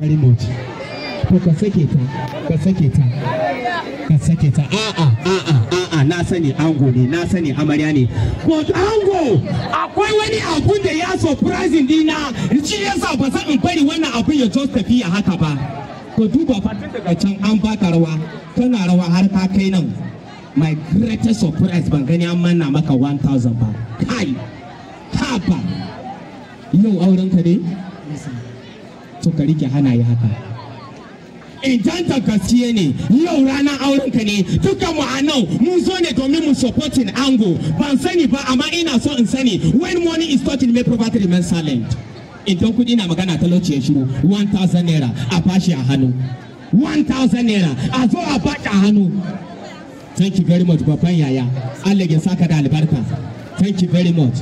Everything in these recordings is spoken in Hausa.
very much ka sake ta ka sake ta ka sake ta a'a a'a a'a na sani ango ne na sani amarya ne Ko ango akwai wani abu da ya surprising dina shi yasa ba san in bari wannan abun ya just a haka ba Ko duba fa daga can an baka rawa kana rawa har ka kai nan my greatest surprise ban gani an manna maka 1000 ba kai haba yau auren ka ne to ka rike hana yi haka idan ta gaskiye ne yau ranar aurenka ne duka mu a nan mun zo ne domin mu supporting ango ban sani ba amma ina so in sani when money is talking may property remain silent idan kudi na magana talauci ya shiru 1000 naira a fashi a hannu 1000 naira a zo a baki a hannu thank you very much babban yaya Allah ya saka da albarka thank you very much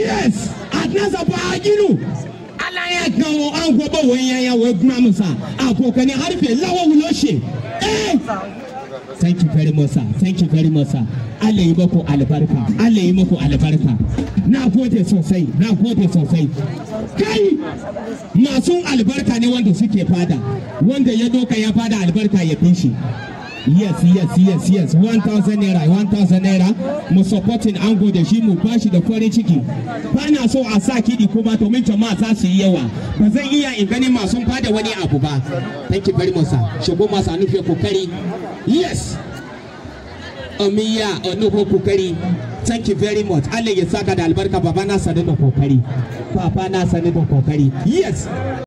yes adnan zabo a ala ya kan wọn a gbọbọ wọn yẹn yẹn wọn gbọmọ mu sa àkọkọ ni harife lawa wulo ṣe. thank you very much sir thank you very much sir Allah yi muku albarka Allah yi muku albarka na gode sosai na gode sosai kai masu albarka ne wanda suke fada wanda ya doka ya fada albarka ya bin shi yes yes yes yes 1000 naira 1000 naira mu supporting ango da shi mu bashi da farin ciki ba so a sa kiɗi ba domin jama'a za su yi yawa ba zan iya in gani masu bada wani abu ba thank you very much sir shigo masu anufe kokari yes omiya onuhu kokari thank you very much Allah ya saka da albarka baba na sani da kokari papa na sani da kokari yes